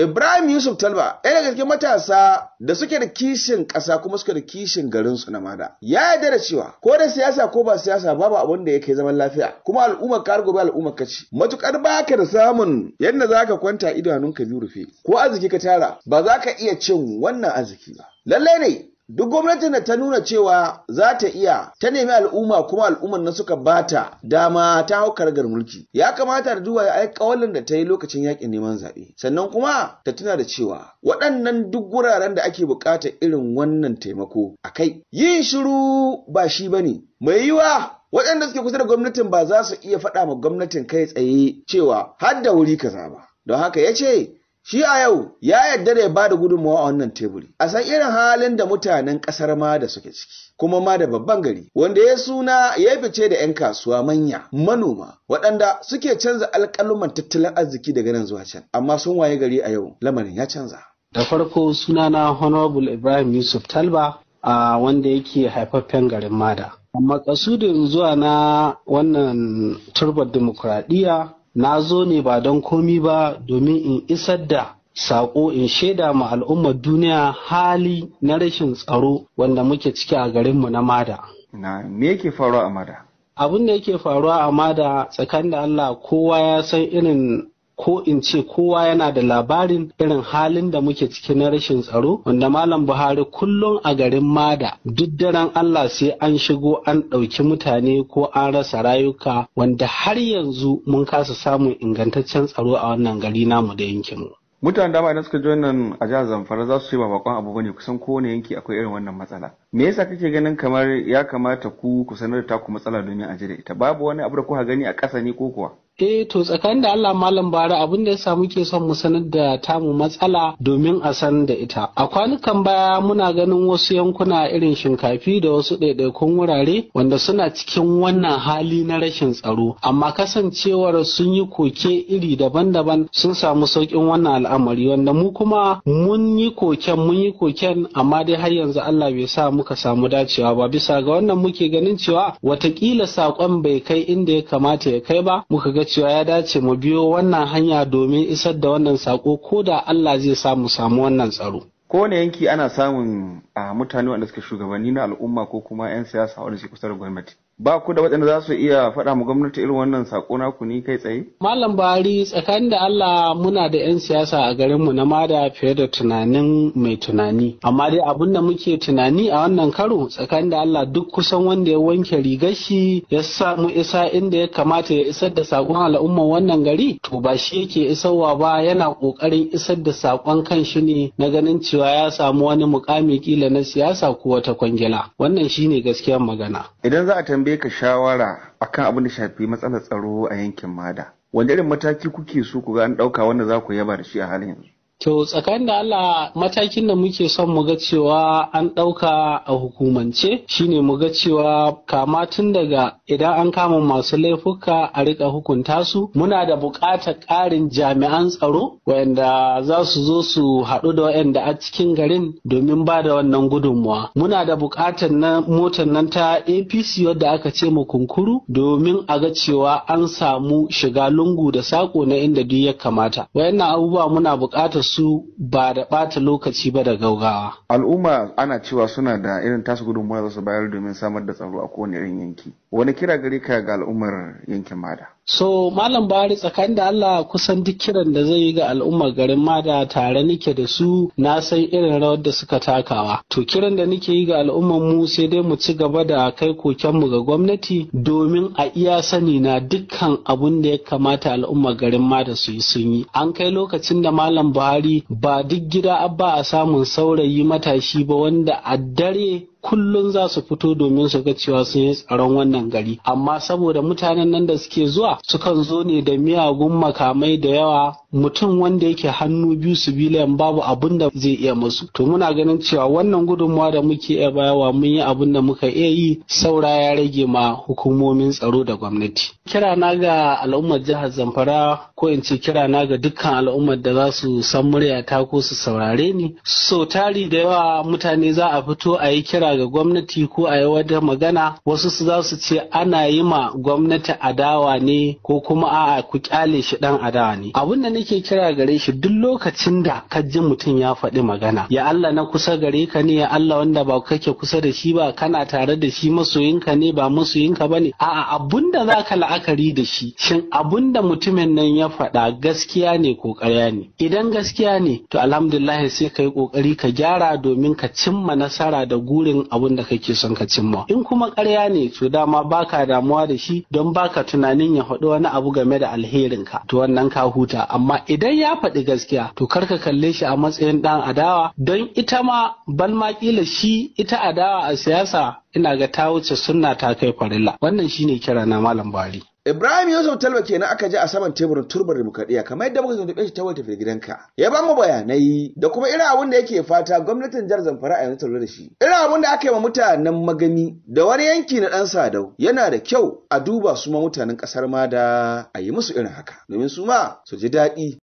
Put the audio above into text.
Ibrahim Yusuf Talba ɗaya daga cikin matasa da suke da kishin ƙasa kuma suke da kishin garin su na mada. Ya yarda da cewa ko da siyasa ko ba siyasa babu abin da yake zaman lafiya kuma al'ummar ka gobe al'ummar ka ci. Matukar baka da samun yadda za ka kwanta idanunka biyu rufe ko arziki ka tara ba za ka iya cin wannan arziki ba. Lallai ne Duk gwamnatin da ta nuna cewa za ta iya ta nemi al'umma kuma al'umman na suka bata dama ta hau karagar mulki. Ya kamata da duba ai kawalin da ta yi lokacin yakin neman zaɓe. Sannan kuma ta tuna da cewa waɗannan duk wuraren da ake buƙatar irin wannan taimako a kai. Yin shiru ba shi ba ne. Mai yiwa waɗanda suke kusa da gwamnatin ba za su iya faɗa ma gwamnatin kai tsaye cewa har wuri kaza ba. Don haka ya ce Shi a yau ya yarda da ya ba da gudunmawa a wannan teburi, a san irin halin da mutanen ƙasar ma da suke ciki, kuma ma da babban gari, wanda ya suna ya fice da 'yan kasuwa manya, manoma, waɗanda suke canza alƙaluman tattalin arziki daga nan zuwa can, amma sun waye gari a yau lamarin ya canza. Da farko sunana Honorable Ibrahim Yusuf Talba a wanda yake haifaffen garin Mada. amma kasudin zuwa na wannan turbar dimokuraɗiyya na zo ne ba don komi ba domin in isar da saƙo in shaida ma al'ummar duniya hali na rashin tsaro wanda muke ciki a garinmu na mada. Na me yake faruwa a mada? Abin da yake faruwa a mada tsakanin da Allah kowa ya san irin ko in ce kowa yana da labarin irin halin da muke ciki na rashin tsaro wanda malam buhari kullum a garin mada duk daren allah sai an shigo an ɗauki mutane ko an rasa rayuka wanda har yanzu mun kasa samun ingantaccen tsaro a wannan gari namu da yankinmu mutane dama idan suka ji wannan a jihar zamfara za su ce ba bakon abu bane kusan kowane yanki akwai irin wannan matsala me yasa kake ganin kamar ya kamata ku ku sanar da taku matsala domin a ji da ita babu wani abu da kuka gani a ƙasa ne ko kuwa eh to tsakanin da Allah malam bara abin da yasa muke son mu sanar da tamu matsala domin a san da ita a kwanukan baya muna ganin wasu yankuna irin shinkafi da wasu ɗaiɗaikun wurare wanda suna cikin wannan hali na rashin tsaro amma kasancewar sun yi koke iri daban-daban sun samu sauƙin wannan al'amari wanda mu kuma mun yi koken mun yi koken amma dai har yanzu Allah bai sa muka samu dacewa ba bisa ga wannan muke ganin cewa watakila saƙon bai kai inda ya kamata ya kai ba muka ga cewa ya dace mu biyo wannan hanya domin isar da wannan sako ko da Allah zai sa mu samu wannan tsaro. Kowane yanki ana samun a ah, mutane wanda suka shugabanni na al'umma ko kuma 'yan siyasa wanda suke kusa da gwamnati. ba ku da waɗanda za su iya faɗa mu gwamnati irin wannan sako ku ni kai tsaye? Malam Buhari tsakanin da Allah muna da 'yan siyasa a garin mu na mada fiye da tunanin mai tunani. Amma dai abin da muke tunani a wannan karo tsakanin da Allah duk kusan wanda ya wanke rigar shi ya samu isa inda ya kamata ya isar da sakon al'umman wannan gari to ba shi yake isarwa ba yana ƙoƙarin isar da sakon kan shi ne na ganin cewa ya samu wani mukami kila na siyasa ko wata kwangila. Wannan shine gaskiyar magana. Idan za a tambaye tambaye ka shawara akan abin da shafi matsalar tsaro a yankin Mada. Wanda irin mataki kuke so ku ga an ɗauka wanda za ku yaba da shi a halin yanzu? To tsakanin da Allah matakin da muke son mu ga cewa an ɗauka a hukumance shine mu ga cewa kama tun daga idan an kama masu laifuka a rika hukunta su muna da buƙatar ƙarin jami'an tsaro wayanda za su zo su haɗu da wayanda a cikin garin domin ba da wannan gudunmuwa. Muna da buƙatar na motar nan ta APC wadda aka ce mu kunkuru domin a ga cewa an samu shiga lungu da saƙo na inda duk ya kamata. Wayannan abubuwa muna buƙatar su ba da ɓata lokaci ba da gaugawa. Al'umma ana cewa suna da irin tasu gudunmawa za su bayar domin samar da tsaro a kowane irin yanki. Wani kira gari ka ga al'ummar yankin Mada? So Malam Buhari tsakanin da Allah kusan duk kiran da zai yi ga al'ummar garin Mada tare nike da su na san irin rawar da suka takawa. To kiran da nike yi ga al'ummar mu sai dai mu ci gaba da kai koken mu ga gwamnati domin a iya sani na dukkan abun da ya kamata al'ummar garin Mada su yi sun yi. An kai lokacin da Malam Buhari ba duk gida abba a samun saurayi matashi ba wanda a dare kullum za su fito domin su ga cewa sun yi tsaron wannan gari amma saboda mutanen nan da suke zuwa sukan zo ne da miyagun makamai da yawa mutum wanda yake hannu biyu su biliyan babu abin da zai iya musu to muna ganin cewa wannan gudunmawa da muke iya bayawa mun yi abin da muka iya yi saura ya rage ma hukumomin tsaro da gwamnati kira na ga al'ummar jihar zamfara ko in ce kira na ga dukkan al'ummar da za su san murya ta ko su saurare ni so tari da yawa mutane za a fito a yi kira ga gwamnati ko a yi wata magana wasu su za su ce ana yi ma gwamnati adawa ne ko kuma a'a ku kyale shi dan adawa ne abin nake kira gare shi duk lokacin da ka ji mutum ya faɗi magana ya Allah na kusa gare ka ne ya Allah wanda ba kake kusa da shi ba kana tare da shi masoyinka ne ba masoyinka ba ne a'a abunda da za ka la'akari da shi shin abun da mutumin nan ya faɗa gaskiya ne ko ƙarya ne idan gaskiya ne to alhamdulillah sai ka yi ƙoƙari ka gyara domin ka cimma nasara da gurin abun da kake son ka cimma in kuma ƙarya ne to dama baka damuwa da shi don baka tunanin ya faɗi wani abu game da alherinka to wannan ka huta amma amma idan ya faɗi gaskiya to karka kalle shi a matsayin ɗan adawa don ita ma ma ƙila shi ita adawa a siyasa ina ga ta wuce sunna ta kai farilla wannan shine kira na malam bari Ibrahim Yusuf Talba kenan aka ji a saman teburin turbar demokradiyya kamar yadda muka tuntuɓe shi ta wata gidanka. Ya ba mu bayanai da kuma irin abin da yake fata gwamnatin Jar Zamfara a yanzu ta da shi. Irin abin da aka yi wa mutanen magami da wani yanki na Dan sadau yana da kyau a duba su ma mutanen kasar ma da a yi musu irin haka domin su ma su ji daɗi